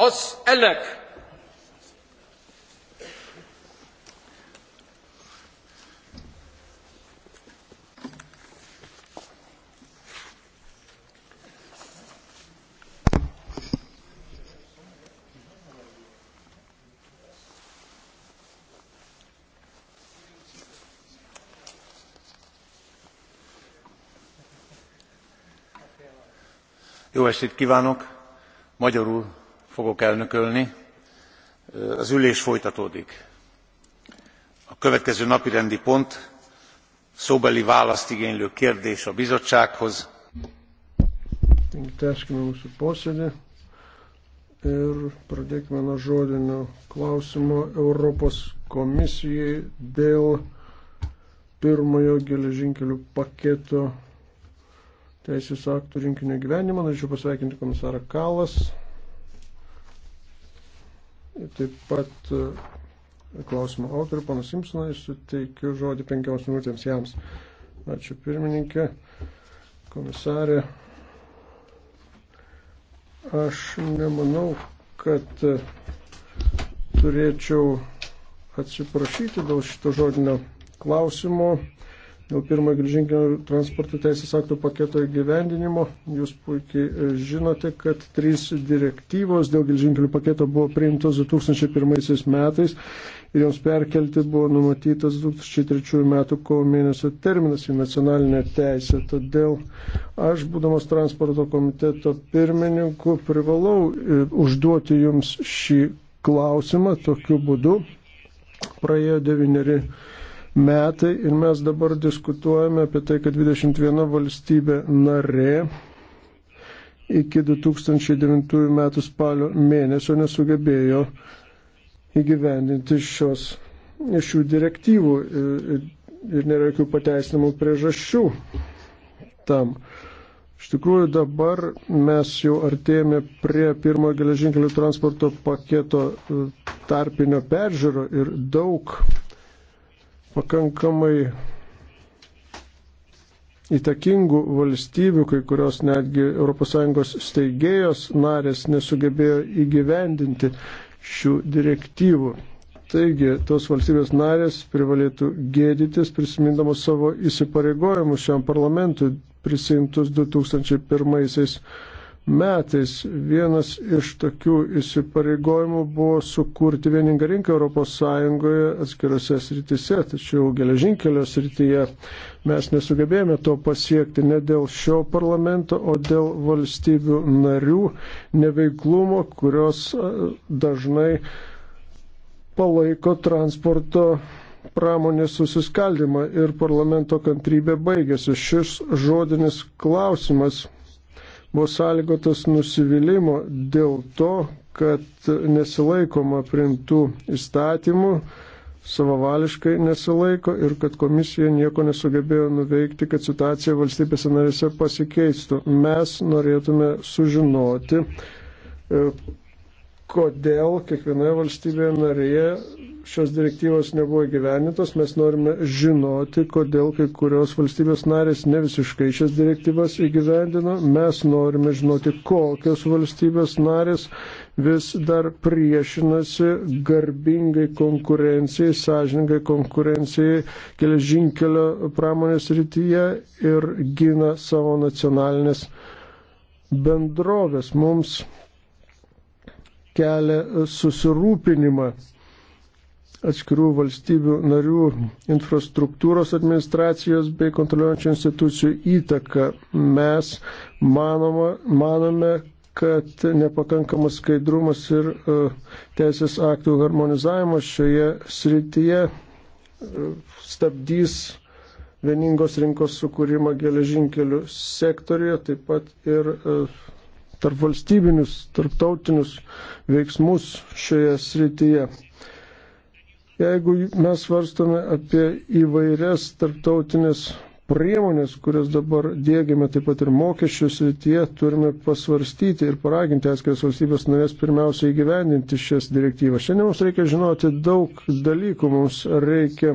az elek. Jó estét kívánok! Magyarul fogok elnökölni. Az ülés folytatódik. A következő napirendi pont szóbeli választ igénylő kérdés a bizottsághoz. Tęskime mūsų posėdį ir pradėkime nuo žodinio klausimo Europos komisijai dėl pirmojo geležinkelių paketo teisės aktų rinkinio gyvenimą. Norėčiau pasveikinti komisarą Kalas. Taip pat e, klausimo autorių, panas Simpsonai, suteikiu žodį penkioms minutėms jams. Ačiū pirmininkė, komisarė. Aš nemanau, kad e, turėčiau atsiprašyti dėl šito žodinio klausimo dėl pirmojo geležinkelio transporto teisės aktų paketo įgyvendinimo. Jūs puikiai e, žinote, kad trys direktyvos dėl geležinkelio paketo buvo priimtos 2001 metais ir joms perkelti buvo numatytas 2003 metų kovo mėnesio terminas į nacionalinę teisę. Todėl aš, būdamas transporto komiteto pirmininku, privalau e, užduoti jums šį klausimą tokiu būdu. Praėjo devyneri metai ir mes dabar diskutuojame apie tai, kad 21 valstybė narė iki 2009 metų spalio mėnesio nesugebėjo įgyvendinti šios, šių direktyvų ir, ir nėra jokių pateisinamų priežasčių tam. Iš tikrųjų dabar mes jau artėjame prie pirmojo geležinkelių transporto paketo e, tarpinio peržiūro ir daug pakankamai įtakingų valstybių, kai kurios netgi ES steigėjos narės nesugebėjo įgyvendinti šių direktyvų. Taigi, tos valstybės narės privalėtų gėdytis, prisimindamos savo įsipareigojimus šiam parlamentui prisimtus 2001 metais vienas iš tokių įsipareigojimų buvo sukurti vieningą rinką ES atskirose srityse, tačiau geležinkelio srityje mes nesugebėjome to pasiekti ne dėl šio parlamento, o dėl valstybių narių neveiklumo, kurios dažnai palaiko transporto pramonės susiskaldimą ir parlamento kantrybė baigėsi. Šis žodinis klausimas buvo sąlygotas nusivylimo dėl to, kad nesilaikoma primtų įstatymų, savavališkai nesilaiko ir kad komisija nieko nesugebėjo nuveikti, kad situacija valstybėse narėse pasikeistų. Mes norėtume sužinoti, e, kodėl kiekvienoje valstybėje narėje šios direktyvos nebuvo gyvenintos, mes norime žinoti, kodėl kai kurios valstybės narės ne visiškai šias direktyvas įgyvendino. Mes norime žinoti, kokios valstybės narės vis dar priešinasi garbingai konkurencijai, sąžiningai konkurencijai geležinkelio pramonės rytyje ir gina savo nacionalinės bendrovės. Mums kelia susirūpinimą atskirų valstybių narių infrastruktūros administracijos bei kontroliuojančių institucijų įtaka. Mes manoma, manome, kad nepakankamas skaidrumas ir uh, teisės aktų harmonizavimas šioje srityje uh, stabdys vieningos rinkos sukūrimą geležinkelių sektorijoje, taip pat ir uh, e, tarp valstybinius, tarptautinius veiksmus šioje srityje. Uh, Jeigu mes svarstame apie įvairias tarptautinės priemonės, kurias dabar dėgiame taip pat ir mokesčių srityje, turime pasvarstyti ir paraginti atskiras valstybės narės pirmiausia įgyvendinti šias direktyvas. Šiandien mums reikia žinoti daug dalykų, mums reikia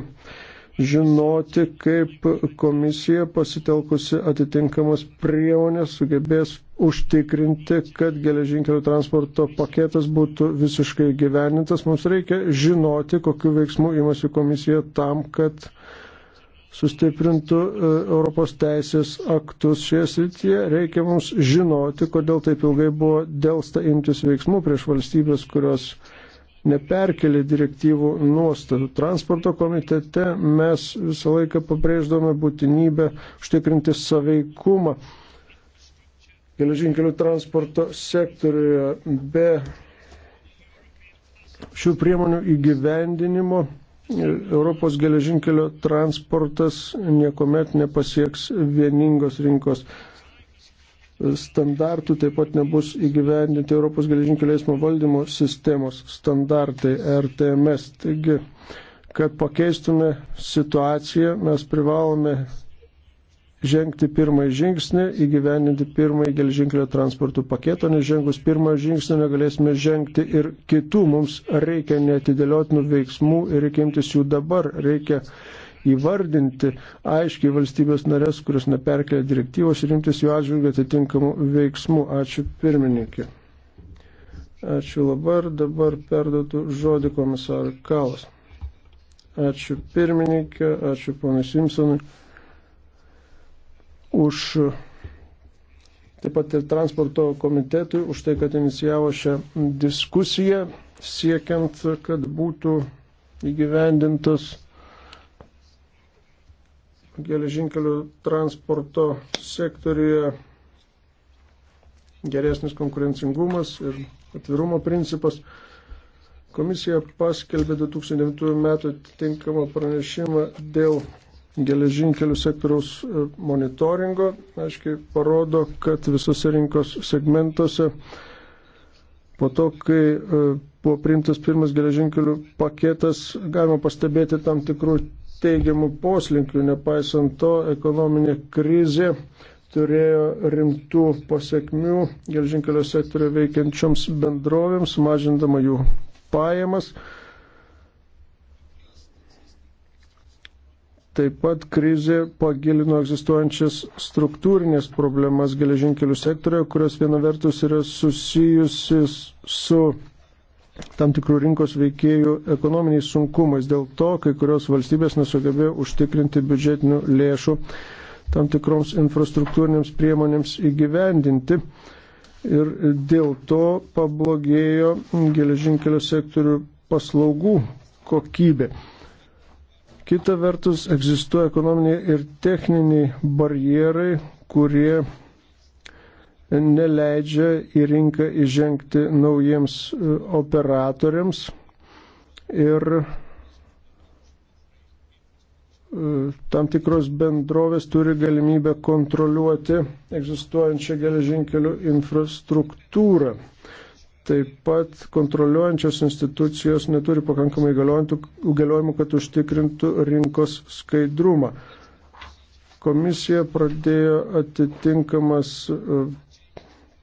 žinoti, kaip komisija pasitelkusi atitinkamas priemonės sugebės užtikrinti, kad geležinkelių transporto paketas būtų visiškai gyvenintas. Mums reikia žinoti, kokiu veiksmu imasi komisija tam, kad sustiprintų e, Europos teisės aktus šioje srityje. Reikia mums žinoti, kodėl taip ilgai buvo dėlsta imtis veiksmų prieš valstybės, kurios neperkelė direktyvų nuostatų. Transporto komitete mes visą laiką pabrėždome būtinybę užtikrinti saveikumą geležinkelių transporto sektoriuje. Be šių priemonių įgyvendinimo Europos geležinkelio transportas niekuomet nepasieks vieningos rinkos standartų, taip pat nebus įgyvendinti Europos geležinkelio eismo valdymo sistemos standartai RTMS. Taigi, kad pakeistume situaciją, mes privalome žengti pirmąjį žingsnį, įgyveninti pirmąjį gelžinkelio transportų paketą, nes žengus pirmąjį žingsnį negalėsime žengti ir kitų. Mums reikia netidėliotinų veiksmų ir reikia imtis jų dabar. Reikia įvardinti aiškiai valstybės narės, kurios neperkelia direktyvos ir imtis jų atžvilgių atitinkamų veiksmų. Ačiū pirmininkė. Ačiū labai. Dabar perduotų žodį komisarui Kalas. Ačiū pirmininkė, ačiū ponai Simpsonui už taip pat ir transporto komitetui už tai, kad inicijavo šią diskusiją, siekiant, kad būtų įgyvendintas geležinkelių transporto sektoriuje geresnis konkurencingumas ir atvirumo principas. Komisija paskelbė 2009 metų atitinkamą pranešimą dėl geležinkelių sektoriaus e, monitoringo aiškiai parodo, kad visose rinkos segmentuose po to, kai e, buvo priimtas pirmas geležinkelių paketas, galima pastebėti tam tikrų teigiamų poslinkių, nepaisant to ekonominė krizė turėjo rimtų pasiekmių gelžinkelio sektorio veikiančioms bendrovėms, mažindama jų pajamas. Taip pat krizė pagilino egzistuojančias struktūrinės problemas geležinkelių sektorioje, kurios viena vertus yra susijusi su tam tikrų rinkos veikėjų ekonominiais sunkumais. Dėl to kai kurios valstybės nesugebėjo užtikrinti biudžetinių lėšų tam tikroms infrastruktūrinėms priemonėms įgyvendinti. Ir dėl to pablogėjo geležinkelio sektorių paslaugų kokybė. Kita vertus, egzistuoja ekonominiai ir techniniai barjerai, kurie neleidžia į rinką įžengti naujiems e, operatoriams ir e, tam tikros bendrovės turi galimybę kontroliuoti egzistuojančią geležinkelių infrastruktūrą. Taip pat kontroliuojančios institucijos neturi pakankamai įgaliojimų, kad užtikrintų rinkos skaidrumą. Komisija pradėjo atitinkamas e,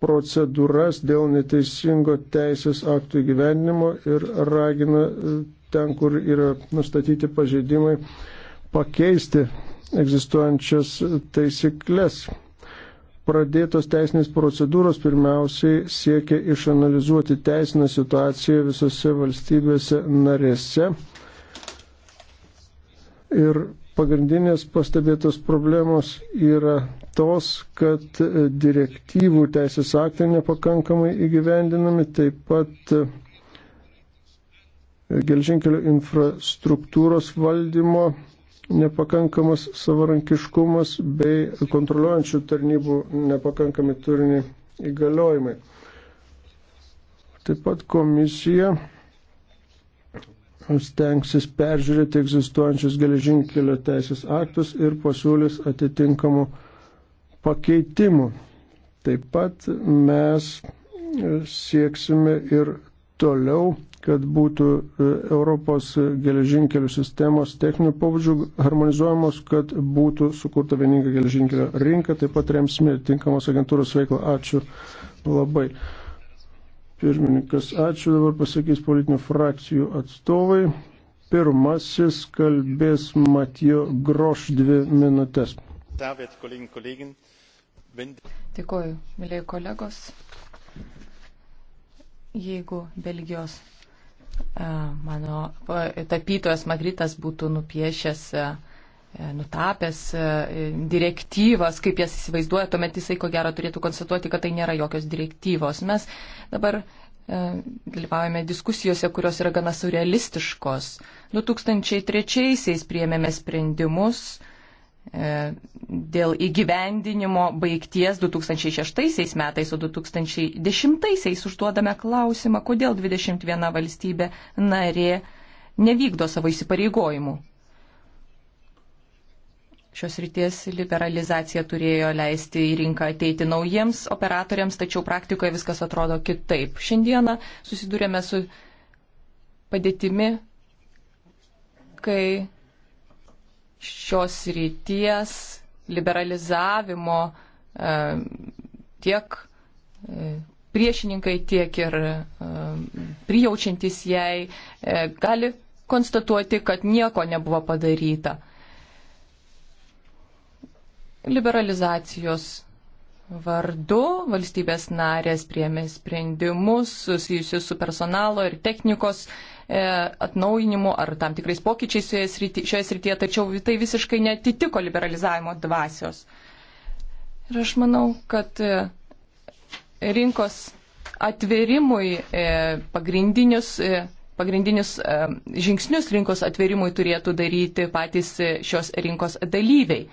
procedūras dėl neteisingo teisės aktų įgyvendinimo ir ragina e, ten, kur yra nustatyti pažeidimai, pakeisti egzistuojančias taisyklės pradėtos teisinės procedūros pirmiausiai siekia išanalizuoti teisinę situaciją visose valstybėse narėse. Ir pagrindinės pastebėtos problemos yra tos, kad direktyvų teisės aktai nepakankamai įgyvendinami, taip pat gelžinkelio infrastruktūros valdymo nepakankamas savarankiškumas bei kontroliuojančių tarnybų nepakankami turiniai įgaliojimai. Taip pat komisija stengsis peržiūrėti egzistuojančius geležinkelio teisės aktus ir pasiūlys atitinkamų pakeitimų. Taip pat mes sieksime ir toliau kad būtų e, Europos geležinkelių sistemos techninių pobūdžių harmonizuojamos, kad būtų sukurta vieninga geležinkelio rinka, taip pat remsime tinkamos agentūros veiklą. Ačiū labai. Pirmininkas, ačiū. Dabar pasakys politinių frakcijų atstovai. Pirmasis kalbės Matijo Groš dvi minutės. Dėkuoju, mėlyje kolegos. Jeigu Belgijos mano tapytojas Magritas būtų nupiešęs, e, nutapęs e, direktyvas, kaip jas įsivaizduoja, tuomet jisai ko gero turėtų konstatuoti, kad tai nėra jokios direktyvos. Mes dabar dalyvaujame diskusijose, kurios yra gana surrealistiškos. 2003-aisiais priėmėme sprendimus, E, dėl įgyvendinimo baigties 2006 metais, o 2010 užduodame klausimą, kodėl 21 valstybė narė nevykdo savo įsipareigojimų. Šios ryties liberalizacija turėjo leisti į rinką ateiti naujiems operatoriams, tačiau praktikoje viskas atrodo kitaip. Šiandieną susidūrėme su padėtimi, kai šios ryties liberalizavimo e, tiek e, priešininkai, tiek ir e, prijaučiantis jai gali konstatuoti, kad nieko nebuvo padaryta. Liberalizacijos vardu valstybės narės priemė sprendimus susijusius su personalo ir technikos uh, E, atnaujinimu ar tam tikrais pokyčiais šioje srityje, tačiau tai visiškai netitiko liberalizavimo dvasios. Ir aš manau, kad e, rinkos atverimui e, pagrindinius pagrindinius žingsnius rinkos atverimui turėtų daryti patys šios rinkos dalyviai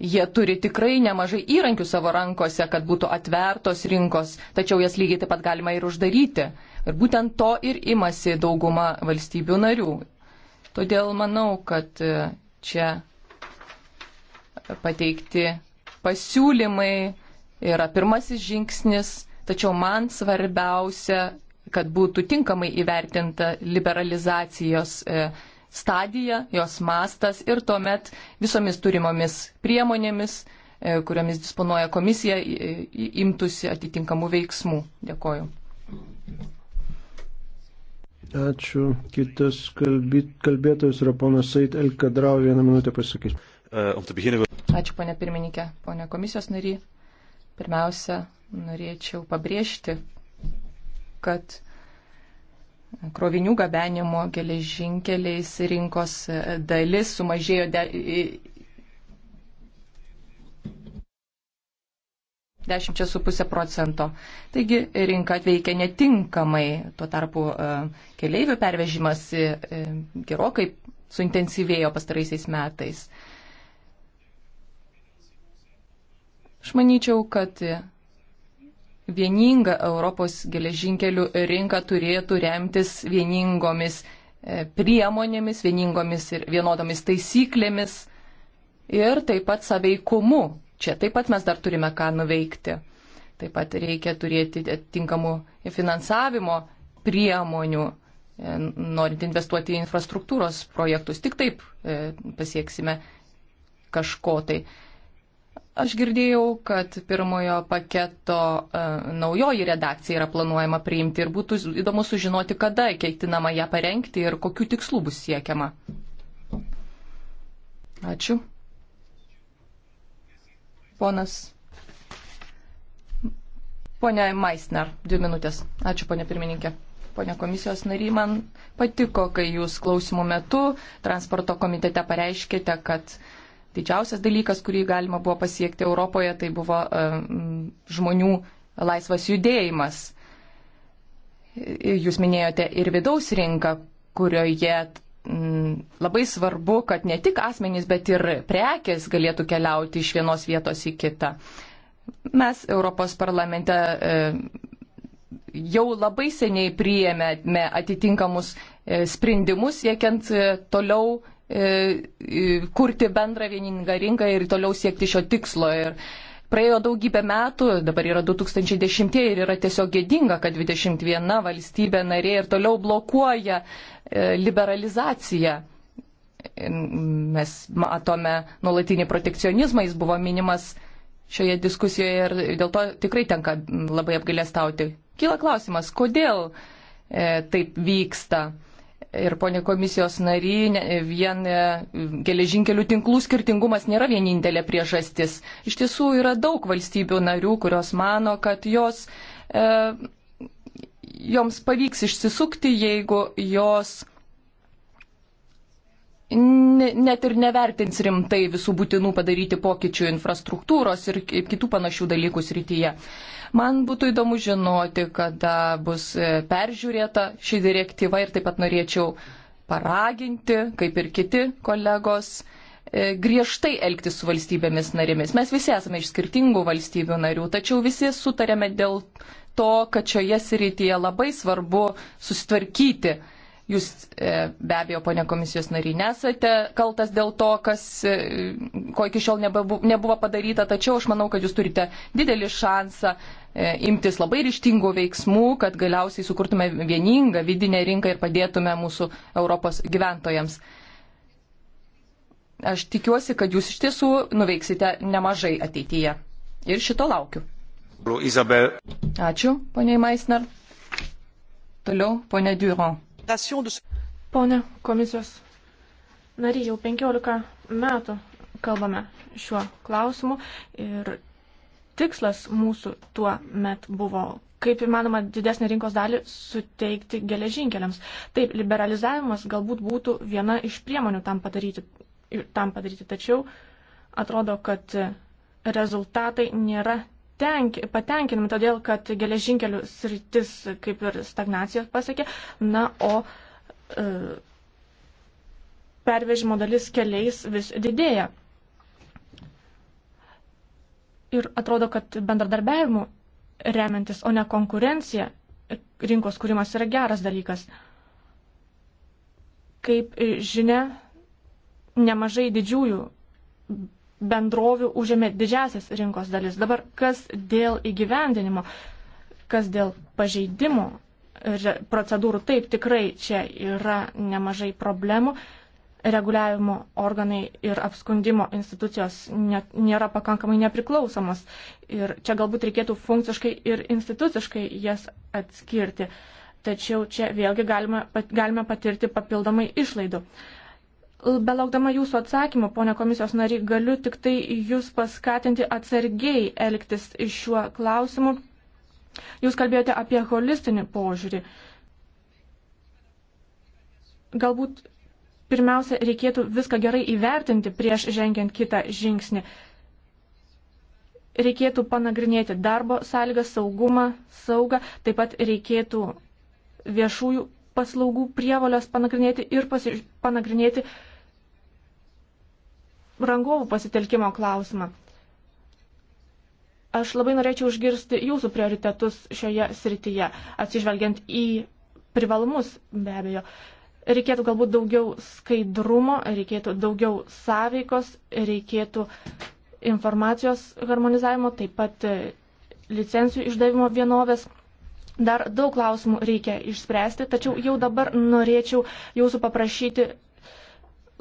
jie turi tikrai nemažai įrankių savo rankose, kad būtų atvertos rinkos, tačiau jas lygiai taip pat galima ir uždaryti. Ir būtent to ir imasi dauguma valstybių narių. Todėl manau, kad e, čia pateikti pasiūlymai yra pirmasis žingsnis, tačiau man svarbiausia, kad būtų tinkamai įvertinta liberalizacijos e, stadija, jos mastas ir tuomet visomis turimomis priemonėmis, e, kuriomis disponuoja komisija, imtųsi atitinkamų veiksmų. Dėkoju. Ačiū. Kitas kalbėtojas yra ponas Sait Elkadrau. Vieną minutę pasakys. Uh, um, Ačiū, ponė pirmininkė, ponė komisijos nary. Pirmiausia, norėčiau pabrėžti, kad krovinių gabenimo geležinkeliais rinkos dalis sumažėjo de, 10,5 procento. Taigi rinka veikia netinkamai, tuo tarpu e, keleivių pervežimas e, e, gerokai suintensyvėjo pastaraisiais metais. Aš manyčiau, kad Vieninga Europos geležinkelių rinka turėtų remtis vieningomis e, priemonėmis, vieningomis ir vienodomis taisyklėmis ir taip pat saveikumu. Čia taip pat mes dar turime ką nuveikti. Taip pat reikia turėti tinkamų finansavimo priemonių, e, norint investuoti į infrastruktūros projektus. Tik taip e, pasieksime kažko tai. Aš girdėjau, kad pirmojo paketo uh, naujoji redakcija yra planuojama priimti ir būtų įdomu sužinoti, kada keitinama ją parengti ir kokiu tikslu bus siekiama. Ačiū. Ponas. Pone Maisner, dvi minutės. Ačiū, ponė pirmininkė. Pone komisijos nary, man patiko, kai jūs klausimų metu transporto komitete pareiškite, kad uh, didžiausias dalykas, kurį galima buvo pasiekti Europoje, tai buvo e, žmonių laisvas judėjimas. Jūs minėjote ir vidaus rinką, kurioje labai svarbu, kad ne tik asmenys, bet ir prekės galėtų keliauti iš vienos vietos į kitą. Mes Europos parlamente e, jau labai seniai priėmėme atitinkamus e, sprendimus, siekiant toliau E, kurti bendrą vieningą rinką ir toliau siekti šio tikslo. Ir praėjo daugybę metų, dabar yra 2010 ir yra tiesiog gėdinga, kad 21 valstybė narė ir toliau blokuoja e, liberalizaciją. Mes matome nuolatinį protekcionizmą, jis buvo minimas šioje diskusijoje ir dėl to tikrai tenka labai apgailestauti. Kyla klausimas, kodėl e, taip vyksta? ir ponė komisijos nary, vien e, geležinkelių tinklų skirtingumas nėra vienintelė priežastis. Iš tiesų yra daug valstybių narių, kurios mano, kad jos, e, joms pavyks išsisukti, jeigu jos net ir nevertins rimtai visų būtinų padaryti pokyčių infrastruktūros ir kitų panašių dalykų srityje. Man būtų įdomu žinoti, kada bus e, peržiūrėta ši direktyva ir taip pat norėčiau paraginti, kaip ir kiti kolegos, e, griežtai elgtis su valstybėmis narėmis. Mes visi esame iš skirtingų valstybių narių, tačiau visi sutarėme dėl to, kad šioje srityje labai svarbu sustvarkyti Jūs e, be abejo, ponė komisijos nariai, nesate kaltas dėl to, kas, e, ko iki šiol nebuvo padaryta, tačiau aš manau, kad jūs turite didelį šansą e, imtis labai ryštingų veiksmų, kad galiausiai sukurtume vieningą vidinę rinką ir padėtume mūsų Europos gyventojams. Aš tikiuosi, kad jūs iš tiesų nuveiksite nemažai ateityje. Ir šito laukiu. Isabel. Ačiū, poniai Maisner. Toliau, ponė Durand implémentation de ce. Pone komisijos nariai, jau 15 metų kalbame šiuo klausimu ir tikslas mūsų tuo met buvo kaip įmanoma didesnį rinkos dalį suteikti geležinkeliams. Taip, liberalizavimas galbūt būtų viena iš priemonių tam padaryti, tam padaryti tačiau atrodo, kad rezultatai nėra tenk, patenkinami, todėl kad geležinkelių sritis kaip ir stagnacijos pasiekė, na, o e, pervežimo dalis keliais vis didėja. Ir atrodo, kad bendradarbiavimu remiantis, o ne konkurencija, rinkos kūrimas yra geras dalykas. Kaip žinia, nemažai didžiųjų bendrovių užėmė didžiasias rinkos dalis. Dabar kas dėl įgyvendinimo, kas dėl pažeidimo procedūrų, taip tikrai čia yra nemažai problemų. Reguliavimo organai ir apskundimo institucijos net, nėra pakankamai nepriklausomos. Ir čia galbūt reikėtų funkciškai ir instituciškai jas atskirti. Tačiau čia vėlgi galime, galime patirti papildomai išlaidų. Uh, Belaukdama jūsų atsakymų, ponė komisijos nariai, galiu tik tai jūs paskatinti atsargiai elgtis šiuo klausimu. Jūs kalbėjote apie holistinį požiūrį. Galbūt pirmiausia, reikėtų viską gerai įvertinti prieš žengiant kitą žingsnį. Reikėtų panagrinėti darbo sąlygas, saugumą, saugą, taip pat reikėtų viešųjų paslaugų prievalės panagrinėti ir pasi... panagrinėti rangovų pasitelkimo klausimą. Aš labai norėčiau užgirsti jūsų prioritetus šioje srityje, atsižvelgiant į privalumus be abejo. Reikėtų galbūt daugiau skaidrumo, reikėtų daugiau sąveikos, reikėtų informacijos harmonizavimo, taip pat licencijų išdavimo vienovės. Dar daug klausimų reikia išspręsti, tačiau jau dabar norėčiau jūsų paprašyti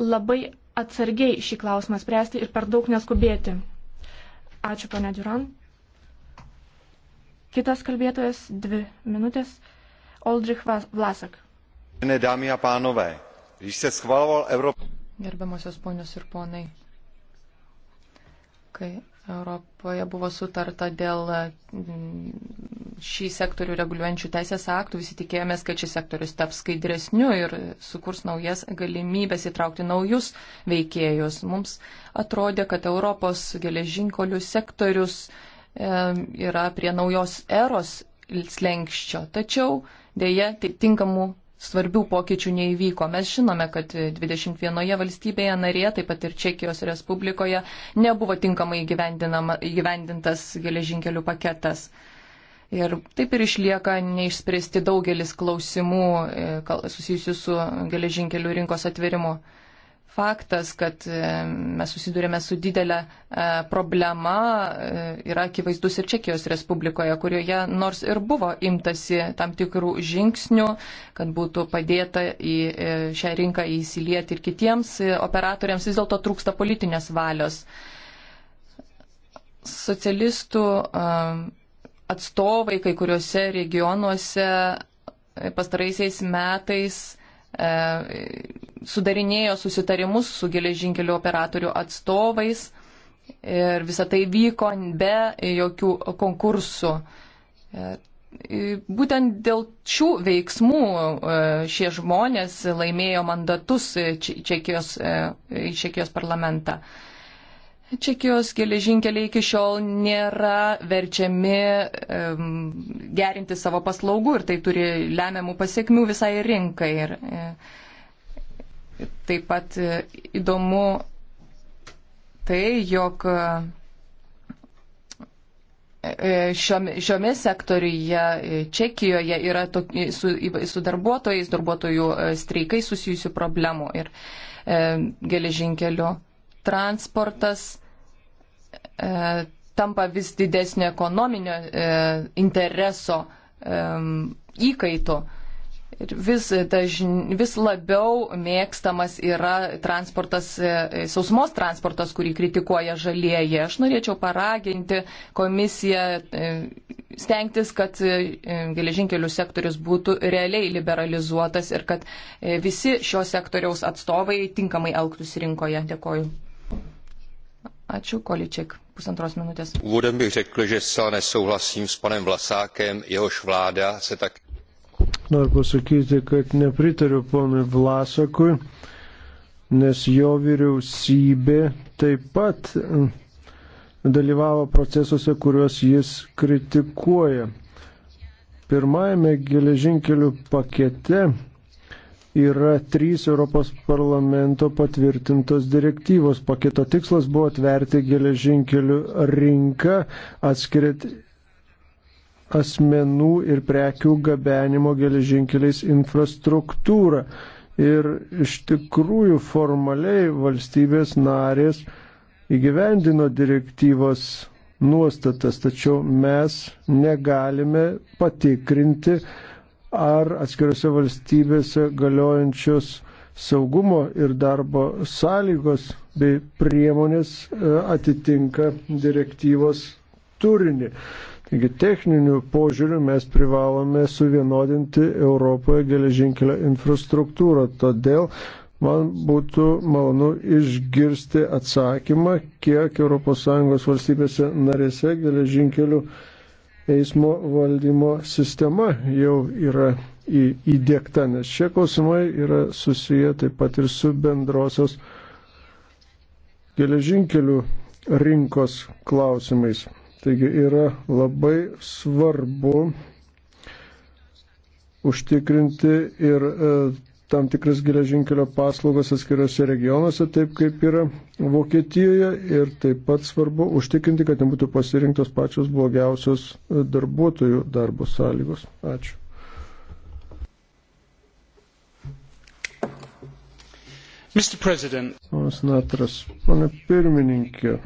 labai atsargiai šį klausimą spręsti ir per daug neskubėti. Ačiū, ponė Duran. Kitas kalbėtojas, dvi minutės, Oldrich Vlasak. Dámy a pánové, když se schvaloval Evropa... Gerbiamosios ponios ir ponai, kai Europoje buvo sutarta dėl mm, šį sektorių reguliuojančių teisės aktų visi tikėjomės, kad šis sektorius taps skaidresniu ir sukurs naujas galimybės įtraukti naujus veikėjus. Mums atrodė, kad Europos geležinkolių sektorius e, yra prie naujos eros slengščio, tačiau dėje tinkamų svarbių pokyčių neįvyko. Mes žinome, kad 21 valstybėje narėje, taip pat ir Čekijos Respublikoje, nebuvo tinkamai įgyvendintas geležinkelių paketas. Ir taip ir išlieka neišspręsti daugelis klausimų e, susijusių su geležinkelių rinkos atvirimu. Faktas, kad e, mes susidurėme su didelė e, problema, yra akivaizdus ir Čekijos Respublikoje, kurioje nors ir buvo imtasi tam tikrų žingsnių, kad būtų padėta į šią rinką įsilieti ir kitiems operatoriams, vis dėlto trūksta politinės valios. Socialistų atstovai kai kuriuose regionuose e, pastaraisiais metais e, sudarinėjo susitarimus su geležinkelių operatorių atstovais ir visa tai vyko be jokių konkursų. E, būtent dėl šių veiksmų šie žmonės laimėjo mandatus Čekijos, Čekijos parlamentą. Čekijos geležinkeliai iki šiol nėra verčiami um, gerinti savo paslaugų ir tai turi lemiamų pasiekmių visai rinkai. Ir, e, taip pat e, įdomu tai, jog e, šiame sektoriuje e, Čekijoje yra tok, e, su, su darbuotojais, darbuotojų e, streikai susijusių problemų ir e, geležinkelių transportas e, tampa vis didesnio ekonominio e, intereso e, įkaitu. Ir vis, dažn, vis labiau mėgstamas yra transportas, e, sausumos transportas, kurį kritikuoja žalieji. Aš norėčiau paraginti komisiją e, stengtis, kad e, geležinkelių sektorius būtų realiai liberalizuotas ir kad visi šio sektoriaus atstovai tinkamai elgtųsi rinkoje. Dėkoju. Ačiū, Količek, pusantros minutės. Úvodem bych řekl, že zcela nesouhlasím s panem Vlasákem, jehož vláda se tak. Noriu pasakyti, kad nepritariu ponui Vlasakui, nes jo vyriausybė taip pat mm, dalyvavo procesuose, kuriuos jis kritikuoja. Pirmajame geležinkelių pakete yra trys Europos parlamento patvirtintos direktyvos. Paketo tikslas buvo atverti geležinkelių rinką, atskiriant asmenų ir prekių gabenimo geležinkeliais infrastruktūrą. Ir iš tikrųjų formaliai valstybės narės įgyvendino direktyvos nuostatas, tačiau mes negalime patikrinti, ar atskirose valstybėse galiojančios saugumo ir darbo sąlygos bei priemonės e, atitinka direktyvos turinį. Taigi techninių požiūrių mes privalome suvienodinti Europoje geležinkelio infrastruktūrą. Todėl man būtų malonu išgirsti atsakymą, kiek ES valstybėse narėse geležinkelių infrastruktūra eismo valdymo sistema jau yra į, įdėkta, nes šie klausimai yra susiję taip pat ir su bendrosios geležinkelių rinkos klausimais. Taigi yra labai svarbu užtikrinti ir e, tam tikras geležinkelio paslaugas atskiriuose regionuose, taip kaip yra Vokietijoje. Ir taip pat svarbu užtikrinti, kad nebūtų pasirinktos pačios blogiausios e, darbuotojų darbo sąlygos. Ačiū. Mr. President. Ponas Natras, pane pirmininkė.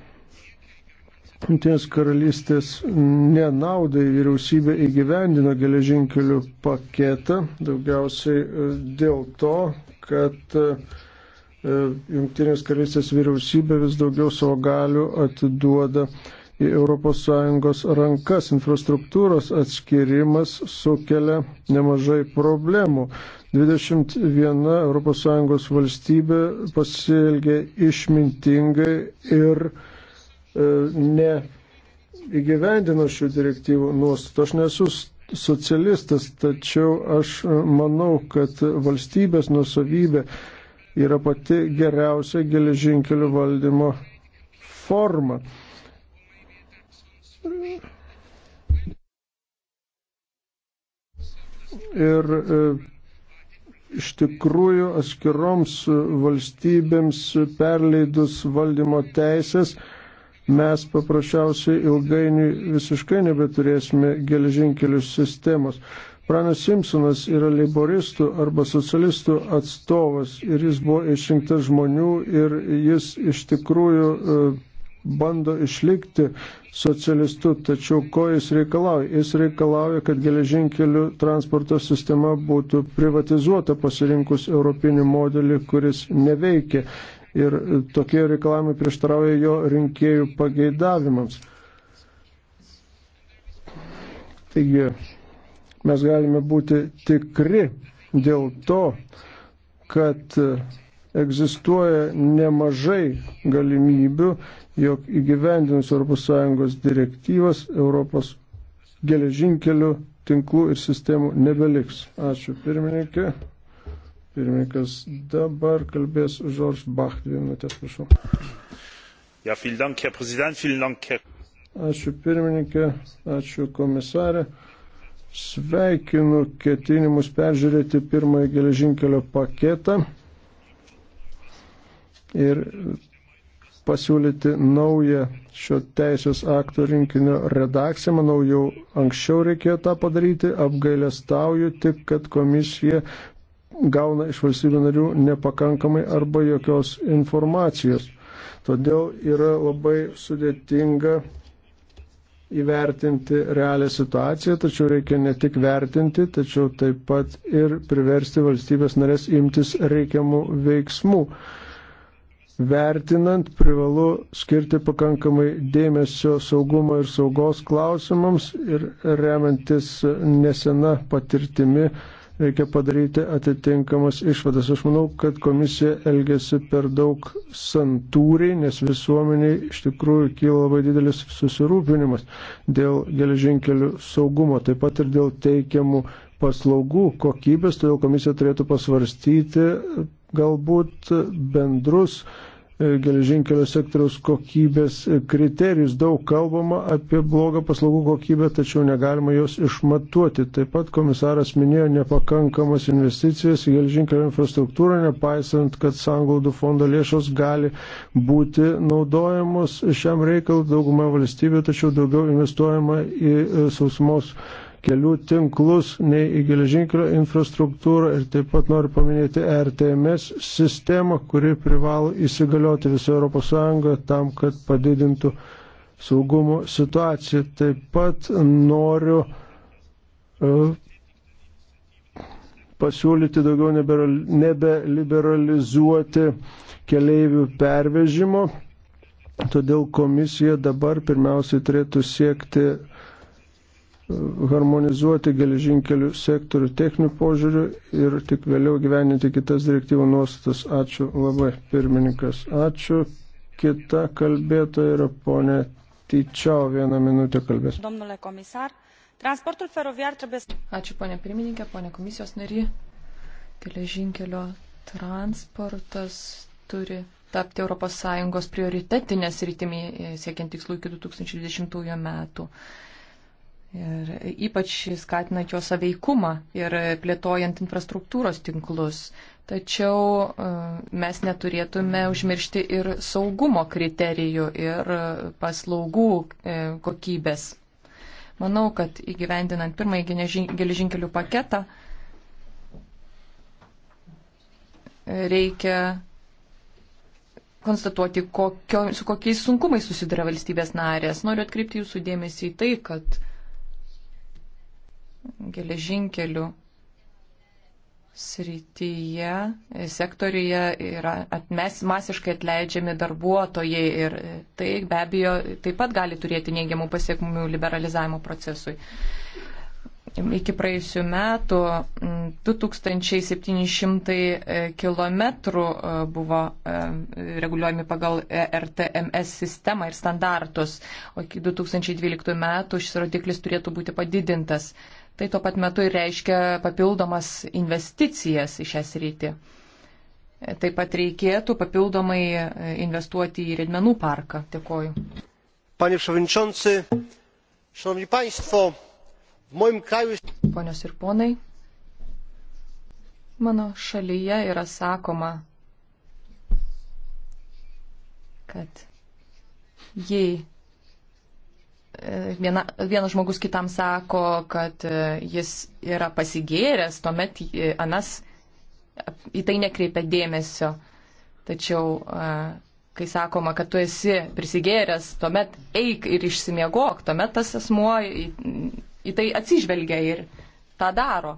Jungtinės karalystės nenaudai vyriausybė įgyvendino geležinkelių paketą, daugiausiai e, dėl to, kad e, e, Jungtinės karalystės vyriausybė vis daugiau savo galių atiduoda į ES rankas. Infrastruktūros atskirimas sukelia nemažai problemų. 21 ES valstybė pasielgė išmintingai ir uh, E, ne įgyvendino šių direktyvų nuostatų. Aš nesu socialistas, tačiau aš e, manau, kad valstybės nusavybė yra pati geriausia geležinkelių valdymo forma. Ir e, iš tikrųjų atskiroms valstybėms perleidus valdymo teisės, mes paprasčiausiai ilgainiui visiškai nebeturėsime geležinkelių sistemos. Pranas Simpsonas yra laboristų arba socialistų atstovas ir jis buvo išrinktas žmonių ir jis iš tikrųjų e, bando išlikti socialistu, tačiau ko jis reikalauja? Jis reikalauja, kad geležinkelių transporto sistema būtų privatizuota pasirinkus europinį modelį, kuris neveikia ir tokie reikalavimai prieštarauja jo rinkėjų pageidavimams. Taigi mes galime būti tikri dėl to, kad egzistuoja nemažai galimybių, jog įgyvendinus ES direktyvas Europos geležinkelių tinklų ir sistemų nebeliks. Ačiū pirmininkė. Pirmininkas dabar kalbės Žorž Bach, dvi minutės, prašau. Ja, vielen Dank, Herr Präsident, vielen Dank, Herr. Ačiū pirmininkė, ačiū komisarė. Sveikinu ketinimus peržiūrėti pirmąjį geležinkelio paketą ir pasiūlyti naują šio teisės akto rinkinio redakciją. Manau, jau anksčiau reikėjo tą padaryti. Apgailestauju tik, kad komisija gauna iš valstybių narių nepakankamai arba jokios informacijos. Todėl yra labai sudėtinga įvertinti realią situaciją, tačiau reikia ne tik vertinti, tačiau taip pat ir priversti valstybės narės imtis reikiamų veiksmų. Vertinant privalu skirti pakankamai dėmesio saugumo ir saugos klausimams ir remiantis nesena patirtimi reikia padaryti atitinkamas išvadas. Aš manau, kad komisija elgesi per daug santūriai, nes visuomeniai iš tikrųjų kyla labai didelis susirūpinimas dėl geležinkelių saugumo, taip pat ir dėl teikiamų paslaugų kokybės, todėl komisija turėtų pasvarstyti galbūt bendrus E, geležinkelio sektoriaus kokybės kriterijus. Daug kalbama apie blogą paslaugų kokybę, tačiau negalima jos išmatuoti. Taip pat komisaras minėjo nepakankamas investicijas į geležinkelio infrastruktūrą, nepaisant, kad sanglaudų fondo lėšos gali būti naudojamos šiam reikalui daugumą valstybių, tačiau daugiau investuojama į e, sausumos kelių tinklus, nei į geležinkelio infrastruktūrą ir taip pat noriu paminėti RTMS sistemą, kuri privalo įsigalioti visą ES tam, kad padidintų saugumo situaciją. Taip pat noriu e, pasiūlyti daugiau nebeliberalizuoti keleivių pervežimo, todėl komisija dabar pirmiausiai turėtų siekti harmonizuoti geležinkelių sektorių techninių požiūrių ir tik vėliau gyveninti kitas direktyvų nuostatas. Ačiū labai, pirmininkas. Ačiū. Kita kalbėtoja yra ponė Tyčiau, vieną minutę kalbės. Domnule komisar, transportul feroviar trebuie... Ačiū, ponė pirmininkė, ponė komisijos nari. Geležinkelio transportas turi tapti ES prioritetinės rytimi siekiant tikslų iki 2020 metų. Ir ypač skatinant jo saveikumą ir plėtojant infrastruktūros tinklus. Tačiau e, mes neturėtume užmiršti ir saugumo kriterijų ir e, paslaugų e, kokybės. Manau, kad įgyvendinant pirmąjį geležinkelių paketą reikia konstatuoti, kokio, su kokiais sunkumais susiduria valstybės narės. Noriu atkreipti jūsų dėmesį į tai, kad geležinkelių srityje, sektoriuje yra atmes, masiškai atleidžiami darbuotojai ir tai be abejo taip pat gali turėti neigiamų pasiekmių liberalizavimo procesui. Iki praėjusių metų 2700 e, km e, buvo e, reguliuojami pagal RTMS sistemą ir standartus, o iki 2012 metų šis rodiklis turėtų būti padidintas tai tuo pat metu ir reiškia papildomas investicijas į šią sritį. Taip pat reikėtų papildomai e, investuoti į riedmenų parką. Dėkoju. Panie Šovinčiansi, Šanovni Paistvo, Mojim Kajus. Ponios ir ponai, mano šalyje yra sakoma, kad jei viena, vienas žmogus kitam sako, kad e, jis yra pasigėręs, tuomet e, anas į tai nekreipia dėmesio. Tačiau, e, kai sakoma, kad tu esi prisigėręs, tuomet eik ir išsimiegok, tuomet tas asmuo į, į tai atsižvelgia ir tą daro.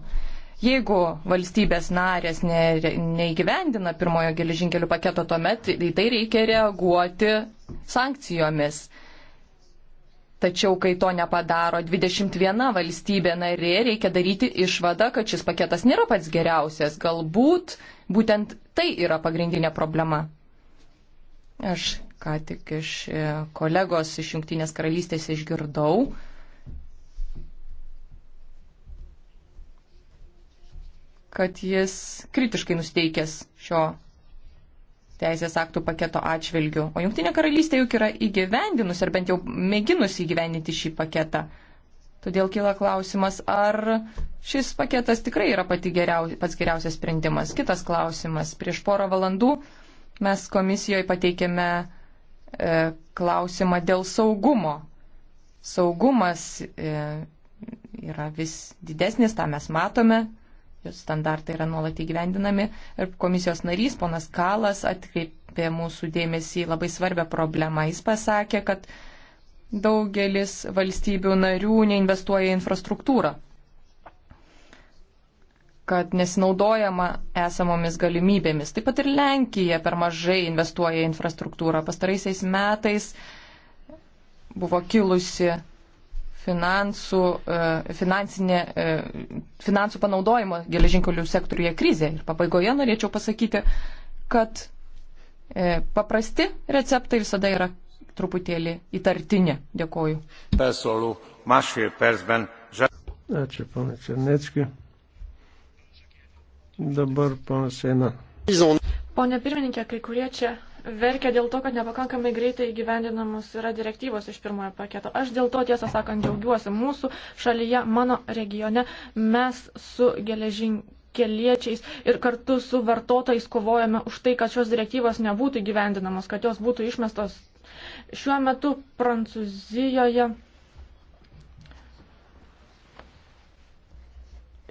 Jeigu valstybės narės ne, neįgyvendina pirmojo geležinkelių paketo, tuomet į tai reikia reaguoti sankcijomis Tačiau, kai to nepadaro 21 valstybė narė, reikia daryti išvadą, kad šis paketas nėra pats geriausias. Galbūt būtent tai yra pagrindinė problema. Aš ką tik iš e, kolegos iš Junktinės karalystės išgirdau. kad jis kritiškai nusteikęs šio teisės aktų paketo atšvilgių. O Junktinė karalystė juk yra įgyvendinusi, ar bent jau mėginusi įgyvendinti šį paketą. Todėl kyla klausimas, ar šis paketas tikrai yra geriau, pats geriausias sprendimas. Kitas klausimas. Prieš porą valandų mes komisijoje pateikėme e, klausimą dėl saugumo. Saugumas e, yra vis didesnis, tą mes matome standartai yra nuolat įgyvendinami. Ir komisijos narys, ponas Kalas, atkreipė mūsų dėmesį į labai svarbę problemą. Jis pasakė, kad daugelis valstybių narių neinvestuoja į infrastruktūrą kad nesinaudojama esamomis galimybėmis. Taip pat ir Lenkija per mažai investuoja į infrastruktūrą. Pastaraisiais metais buvo kilusi finansų, e, finansinė, e, finansų panaudojimo geležinkelių sektoriuje krizė. Ir pabaigoje norėčiau pasakyti, kad e, paprasti receptai visada yra truputėlį įtartini. Dėkoju. Ačiū, pana Černecki. Dabar pana Seina. Pone pirmininkė, kai kurie čia verkia dėl to, kad nepakankamai greitai įgyvendinamos yra direktyvos iš pirmojo paketo. Aš dėl to, tiesą sakant, džiaugiuosi. Mūsų šalyje, mano regione, mes su geležinkeliečiais ir kartu su vartotojais kovojame už tai, kad šios direktyvos nebūtų įgyvendinamos, kad jos būtų išmestos. Šiuo metu Prancūzijoje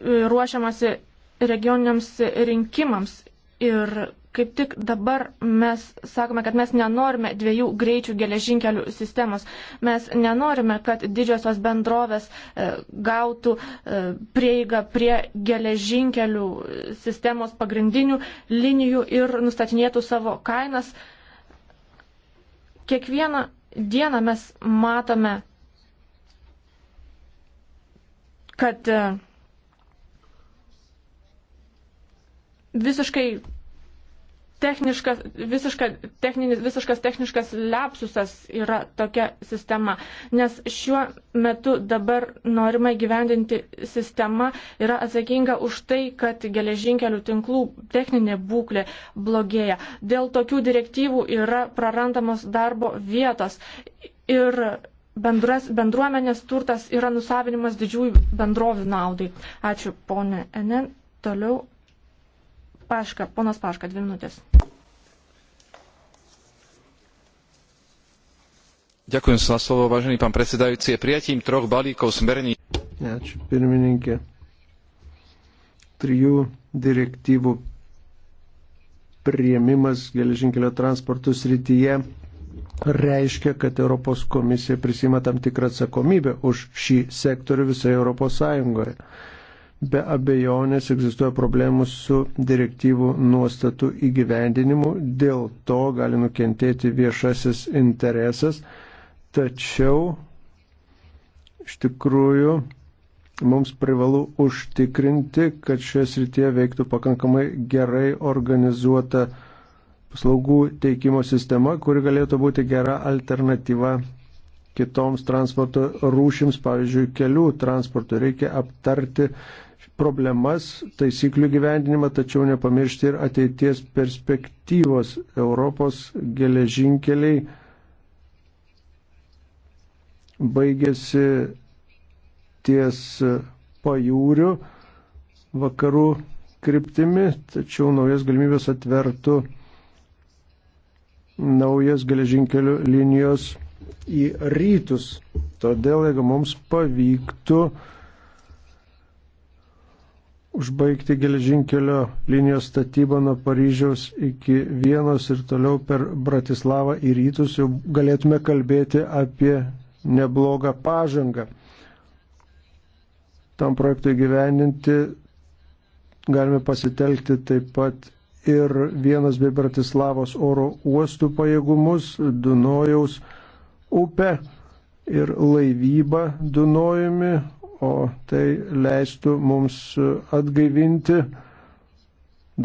ruošiamasi regioniniams rinkimams ir Kaip tik dabar mes sakome, kad mes nenorime dviejų greičių geležinkelių sistemos. Mes nenorime, kad didžiosios bendrovės e, gautų e, prieigą prie geležinkelių sistemos pagrindinių linijų ir nustatinėtų savo kainas. Kiekvieną dieną mes matome, kad e, visiškai techniškas, visiška, techninis, visiškas techniškas lepsusas yra tokia sistema, nes šiuo metu dabar norima gyvendinti sistema yra atsakinga už tai, kad geležinkelių tinklų techninė būklė blogėja. Dėl tokių direktyvų yra prarandamos darbo vietos ir bendras, bendruomenės turtas yra nusavinimas didžiųjų bendrovių naudai. Ačiū, ponė Enen. Toliau Paška, ponas Paška, dvi minutės. Ďakujem za slovo, vážený pán predsedajúci. Prijatím troch balíkov smerní. Ačiū pirmininkė. Trijų direktyvų prieimimas geležinkelio transportų srityje reiškia, kad Europos komisija prisima tam tikrą atsakomybę už šį sektorių visoje Europos Sąjungoje be abejonės egzistuoja problemų su direktyvų nuostatų įgyvendinimu, dėl to gali nukentėti viešasis interesas, tačiau iš tikrųjų mums privalu užtikrinti, kad šioje srityje veiktų pakankamai gerai organizuota paslaugų teikimo sistema, kuri galėtų būti gera alternatyva kitoms transporto rūšims, pavyzdžiui, kelių transportų. Reikia aptarti problemas, taisyklių gyvendinimą, tačiau nepamiršti ir ateities perspektyvos Europos geležinkeliai baigėsi ties pajūriu vakarų kryptimi, tačiau naujas galimybės atvertų naujas geležinkelių linijos į rytus. Todėl, jeigu mums pavyktų uh, užbaigti geležinkelio linijos statybą nuo Paryžiaus iki Vienos ir toliau per Bratislavą į rytus, jau galėtume kalbėti apie neblogą pažangą. Tam projektui gyveninti galime pasitelkti taip pat ir vienas bei Bratislavos oro uostų pajėgumus, Dunojaus upę ir laivybą Dunojumi, o tai leistų mums atgaivinti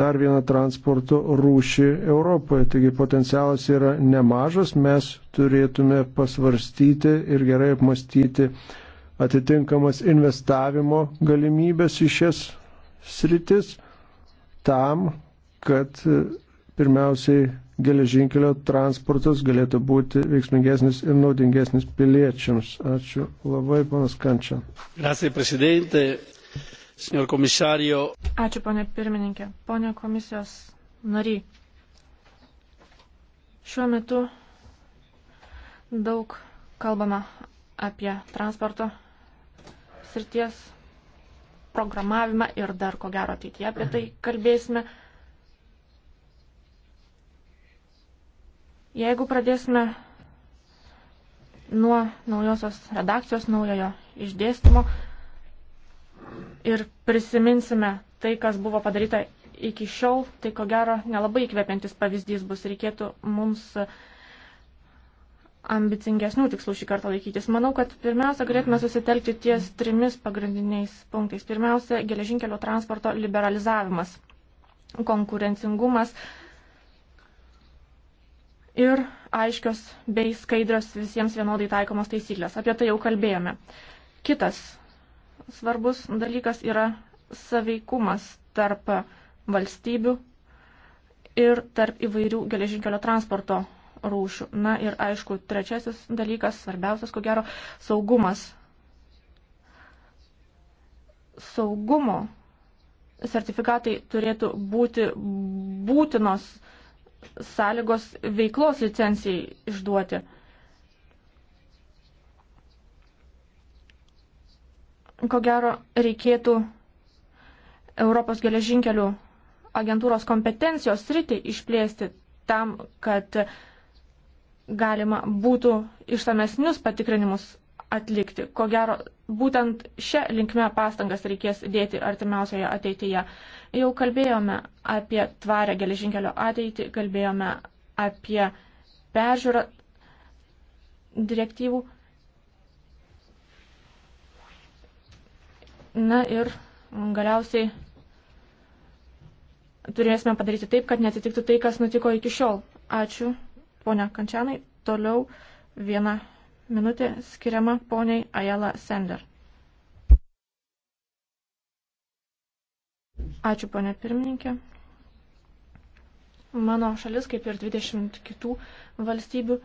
dar vieną transporto rūšį Europoje. Taigi potencialas yra nemažas, mes turėtume pasvarstyti ir gerai apmastyti atitinkamas investavimo galimybės į šias sritis tam, kad pirmiausiai geležinkelio transportas galėtų būti veiksmingesnis ir naudingesnis piliečiams. Ačiū labai, panas Kančia. Ačiū, ponė pirmininkė. Pone komisijos nariai. Šiuo metu daug kalbama apie transporto srities programavimą ir dar ko gero ateityje apie tai kalbėsime. Mm. Jeigu pradėsime nuo naujosios redakcijos, naujojo išdėstymo ir prisiminsime tai, kas buvo padaryta iki šiol, tai ko gero nelabai įkvepiantis pavyzdys bus. Reikėtų mums ambicingesnių tikslų šį kartą laikytis. Manau, kad pirmiausia galėtume susitelkti ties trimis pagrindiniais punktais. Pirmiausia, geležinkelio transporto liberalizavimas, konkurencingumas, uh, ir aiškios bei skaidrios visiems vienodai taikomos taisyklės. Apie tai jau kalbėjome. Kitas svarbus dalykas yra saveikumas tarp valstybių ir tarp įvairių geležinkelio transporto rūšių. Na ir aišku, trečiasis dalykas, svarbiausias, ko gero, saugumas. Saugumo sertifikatai turėtų būti būtinos sąlygos veiklos licencijai išduoti. Ko gero, reikėtų Europos geležinkelių agentūros kompetencijos sritį išplėsti tam, kad galima būtų išsamesnius patikrinimus atlikti. Ko gero, būtent šią linkmę pastangas reikės dėti artimiausioje ateityje. Jau kalbėjome apie tvarę geležinkelio ateitį, kalbėjome apie peržiūrą direktyvų. Na ir galiausiai turėsime padaryti taip, kad netitiktų tai, kas nutiko iki šiol. Ačiū, ponia Kančianai. Toliau viena minutė skiriama poniai Ajala Sender. Ačiū, ponė pirmininkė. Mano šalis, kaip ir 20 kitų valstybių,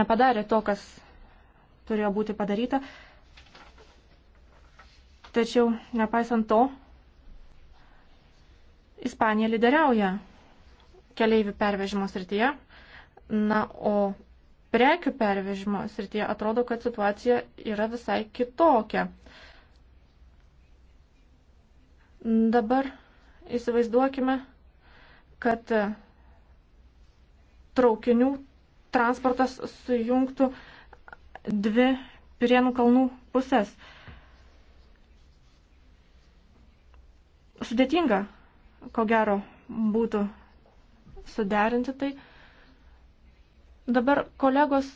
nepadarė to, kas turėjo būti padaryta. Tačiau, nepaisant to, Ispanija lyderiauja keleivių pervežimo srityje. Na, o prekių pervežimo srityje atrodo, kad situacija yra visai kitokia. Dabar įsivaizduokime, kad traukinių transportas sujungtų dvi Pirienų kalnų pusės. sudėtinga, ko gero, būtų suderinti tai. Dabar kolegos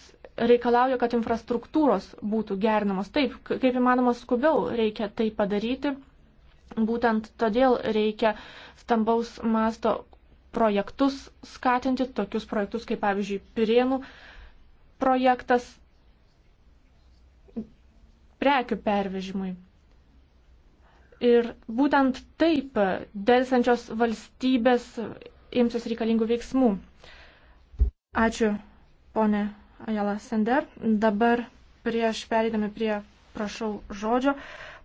reikalauja, kad infrastruktūros būtų gerinamos. Taip, kaip įmanoma skubiau reikia tai padaryti. Būtent todėl reikia stambaus masto projektus skatinti, tokius projektus kaip pavyzdžiui Pirienų projektas prekių pervežimui. Ir būtent taip dėlsančios valstybės imsis reikalingų veiksmų. Ačiū, ponė Ajala Sender. Dabar prieš perėdami prie, prašau, žodžio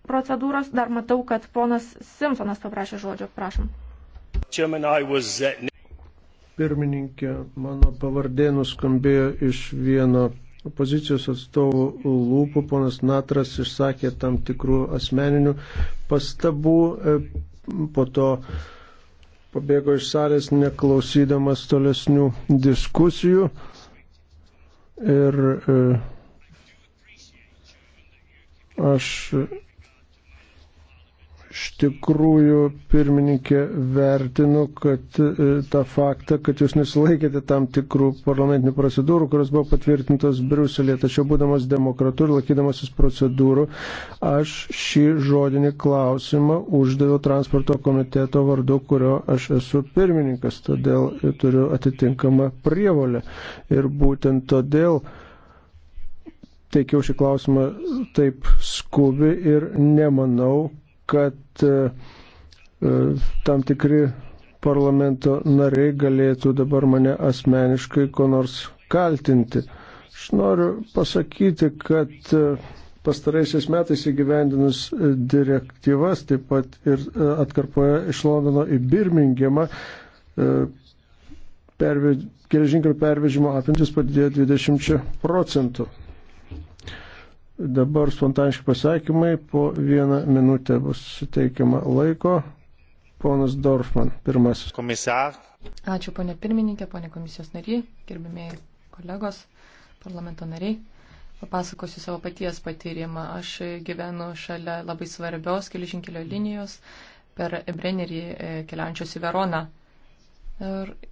procedūros, dar matau, kad ponas Simpsonas paprašė žodžio. Prašom. Pirmininkė, mano pavardė nuskambėjo iš vieno opozicijos atstovų lūpų ponas Natras išsakė tam tikrų asmeninių pastabų, e, po to pabėgo iš salės neklausydamas tolesnių diskusijų. Ir e, aš Iš tikrųjų, pirmininkė, vertinu, kad e, tą faktą, kad jūs nesilaikėte tam tikrų parlamentinių procedūrų, kurios buvo patvirtintos Briuselėje, tačiau būdamas demokratų ir laikydamasis procedūrų, aš šį žodinį klausimą uždaviau transporto komiteto vardu, kurio aš esu pirmininkas, todėl turiu atitinkamą prievolę. Ir būtent todėl teikiau šį klausimą taip skubi ir nemanau, kad e, e, tam tikri parlamento nariai galėtų dabar mane asmeniškai ko nors kaltinti. Aš noriu pasakyti, kad e, pastaraisiais metais įgyvendinus direktyvas, taip pat ir atkarpoje iš Londono į Birmingemą, perve, geležinkelių pervežimo apimtis padidėjo 20 procentų. Dabar spontaniški pasakymai, po vieną minutę bus suteikiama laiko. Ponas Dorfman, pirmasis. Komisar. Ačiū, ponė pirmininkė, ponė komisijos nariai, gerbimieji kolegos, parlamento nariai. Papasakosiu savo paties patyrimą. Aš gyvenu šalia labai svarbios keližinkelio linijos per Brennerį e, keliančios į Veroną.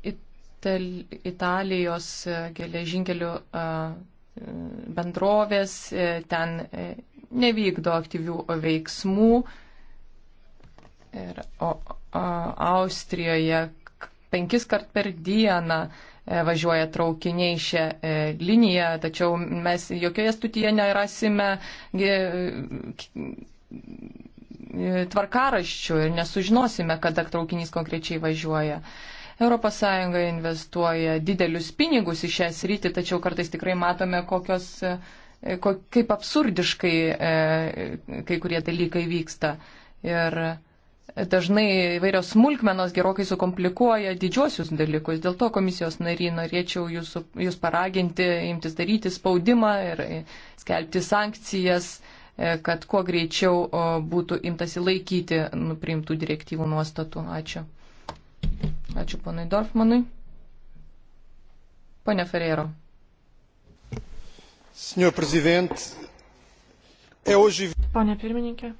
Ir Italijos e, geležinkelių e, bendrovės e, ten e, nevykdo aktyvių veiksmų. Ir, o, o Austrijoje penkis kart per dieną e, važiuoja traukiniai šią liniją, tačiau mes jokioje studijoje nerasime tvarkaraščių ir nesužinosime, kada traukinys konkrečiai važiuoja. ES investuoja didelius pinigus į šią sritį, tačiau kartais tikrai matome, kokios, e, kaip absurdiškai e, kai kurie dalykai vyksta. Ir dažnai vairios smulkmenos gerokai sukomplikuoja didžiuosius dalykus. Dėl to komisijos nariai norėčiau jūsų, jūs paraginti, imtis daryti spaudimą ir e, skelbti sankcijas, kad kuo greičiau būtų imtasi laikyti nuprimtų direktyvų nuostatų. Ačiū. Ačiū ponui Dorfmanui. Pone Ferreiro. Senhor Presidente, é hoje. Pone pirmininkė.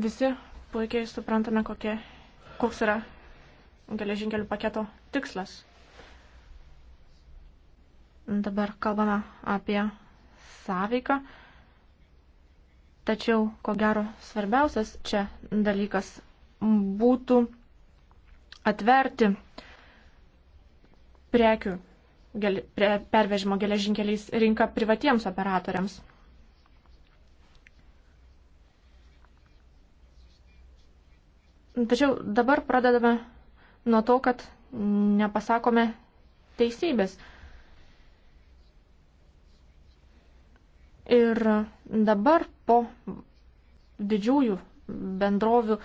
Visi puikiai suprantame, kokie, koks yra geležinkelių paketo tikslas. Dabar kalbame apie sąveiką Tačiau, ko gero, svarbiausias čia dalykas būtų atverti prekių gel, pre, pervežimo geležinkeliais rinką privatiems operatoriams. Tačiau dabar pradedame nuo to, kad nepasakome teisybės. Ir dabar po didžiųjų bendrovių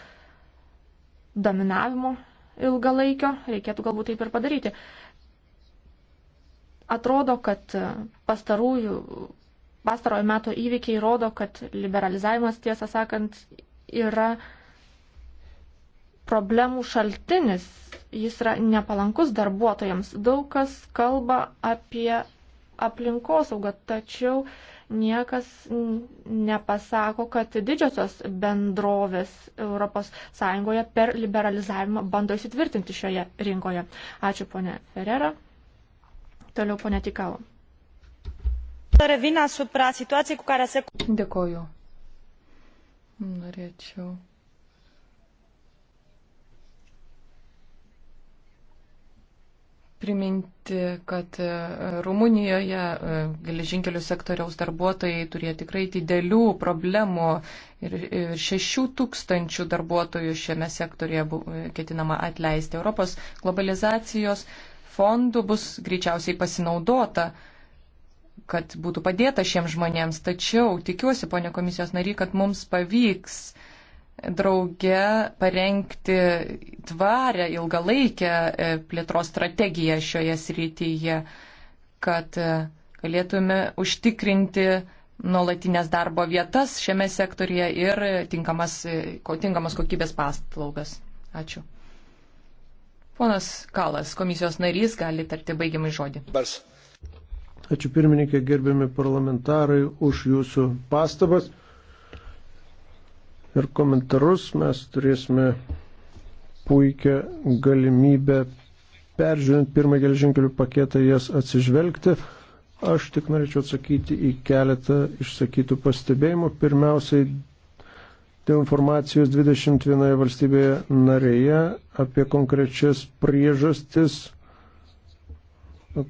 dominavimo ilgalaikio, reikėtų galbūt taip ir padaryti. Atrodo, kad pastarųjų, pastarojo meto įvykiai rodo, kad liberalizavimas, tiesą sakant, yra problemų šaltinis, jis yra nepalankus darbuotojams. Daug kas kalba apie aplinkosaugą, tačiau uh, niekas nepasako, kad didžiosios bendrovės ES per liberalizavimą bando įsitvirtinti šioje rinkoje. Ačiū ponė Ferrera. Toliau ponė Tikalo. Dėkoju. Norėčiau priminti, kad e, Rumunijoje e, geležinkelių sektoriaus darbuotojai turėjo tikrai didelių problemų ir 6 tūkstančių darbuotojų šiame sektorėje e, ketinama atleisti. Europos globalizacijos fondų bus greičiausiai pasinaudota kad būtų padėta šiems žmonėms. Tačiau tikiuosi, ponė komisijos nary, kad mums pavyks uh, drauge parengti tvarę ilgalaikę e, plėtros strategiją šioje srityje, kad e, galėtume užtikrinti nuolatinės darbo vietas šiame sektorije ir tinkamas, e, tinkamas kokybės paslaugas. Ačiū. Ponas Kalas, komisijos narys, gali tarti baigiamai žodį. Bars. Ačiū pirmininkė, gerbiami parlamentarai, už jūsų pastabas ir komentarus. Mes turėsime puikią galimybę peržiūrint pirmą geležinkelių paketą jas atsižvelgti. Aš tik norėčiau atsakyti į keletą išsakytų pastebėjimų. Pirmiausiai dėl informacijos 21 valstybėje narėje apie konkrečias priežastis,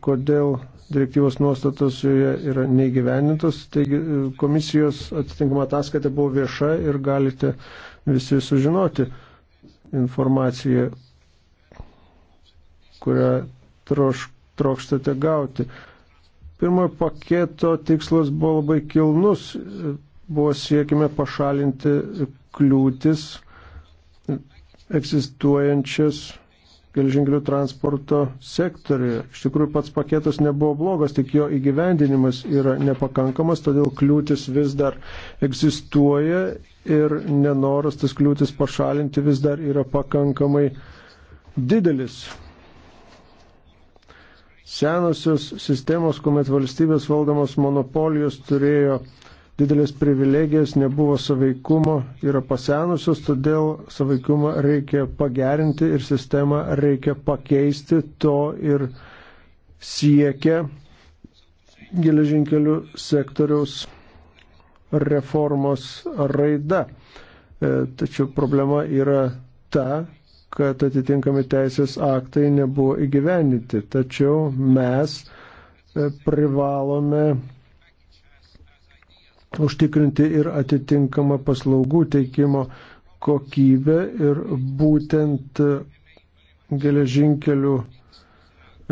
kodėl direktyvos nuostatos joje yra neįgyvenintos. Taigi e, komisijos atitinkama ataskaita buvo vieša ir galite visi sužinoti informaciją, kurią troš, trokštate gauti. Pirmojo paketo tikslas buvo labai kilnus. Buvo siekime pašalinti kliūtis egzistuojančias gelžinkelių transporto sektoriuje. Iš tikrųjų pats paketas nebuvo blogas, tik jo įgyvendinimas yra nepakankamas, todėl kliūtis vis dar egzistuoja ir nenoras tas kliūtis pašalinti vis dar yra pakankamai didelis. Senosios sistemos, kuomet valstybės valdomos monopolijos turėjo didelės privilegijos, nebuvo saveikumo, yra pasenusios, todėl saveikumą reikia pagerinti ir sistemą reikia pakeisti, to ir siekia geležinkelių sektoriaus reformos raida. E, tačiau problema yra ta, kad atitinkami teisės aktai nebuvo įgyvendinti. Tačiau mes e, privalome užtikrinti ir atitinkamą paslaugų teikimo kokybę ir būtent geležinkelių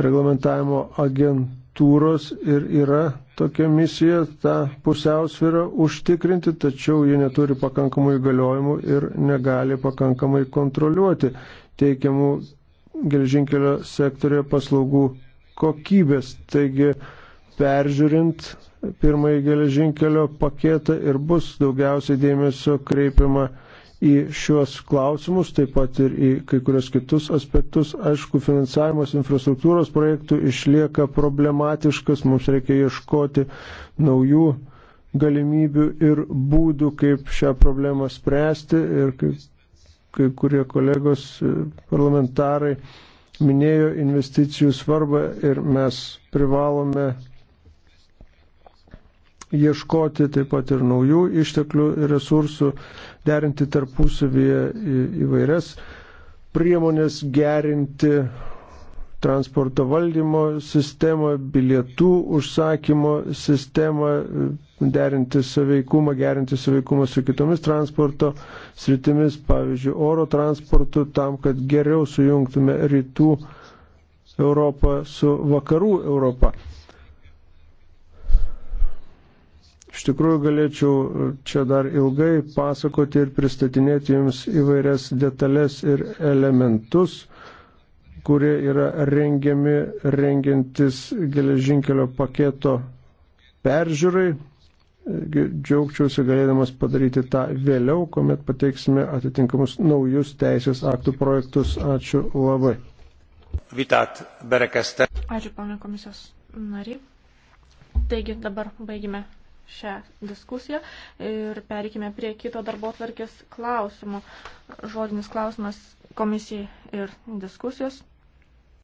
reglamentavimo agentūros ir yra tokia misija tą pusiausvyrą užtikrinti, tačiau ji neturi pakankamų įgaliojimų ir negali pakankamai kontroliuoti teikiamų geležinkelio sektorio paslaugų kokybės. Taigi, peržiūrint pirmąjį geležinkelio paketą ir bus daugiausiai dėmesio kreipiama į šiuos klausimus, taip pat ir į kai kurios kitus aspektus. Aišku, finansavimas infrastruktūros projektų išlieka problematiškas, mums reikia ieškoti naujų galimybių ir būdų, kaip šią problemą spręsti ir kaip kai kurie kolegos e, parlamentarai minėjo investicijų svarbą ir mes privalome ieškoti taip pat ir naujų išteklių ir resursų, derinti tarpusavyje įvairias priemonės, gerinti transporto valdymo sistemą, bilietų užsakymo sistemą, derinti saveikumą, gerinti saveikumą su kitomis transporto sritimis, pavyzdžiui, oro transportu, tam, kad geriau sujungtume rytų Europą su vakarų Europą. Iš tikrųjų galėčiau čia dar ilgai pasakoti ir pristatinėti jums įvairias detalės ir elementus, kurie yra rengiami rengiantis geležinkelio paketo peržiūrai. Džiaugčiausi galėdamas padaryti tą vėliau, kuomet pateiksime atitinkamus naujus teisės aktų projektus. Ačiū labai. Vitat Berekeste. Ačiū, pana komisijos nariai. Taigi dabar baigime šią diskusiją ir pereikime prie kito darbo tvarkės klausimo. Žodinis klausimas komisijai ir diskusijos.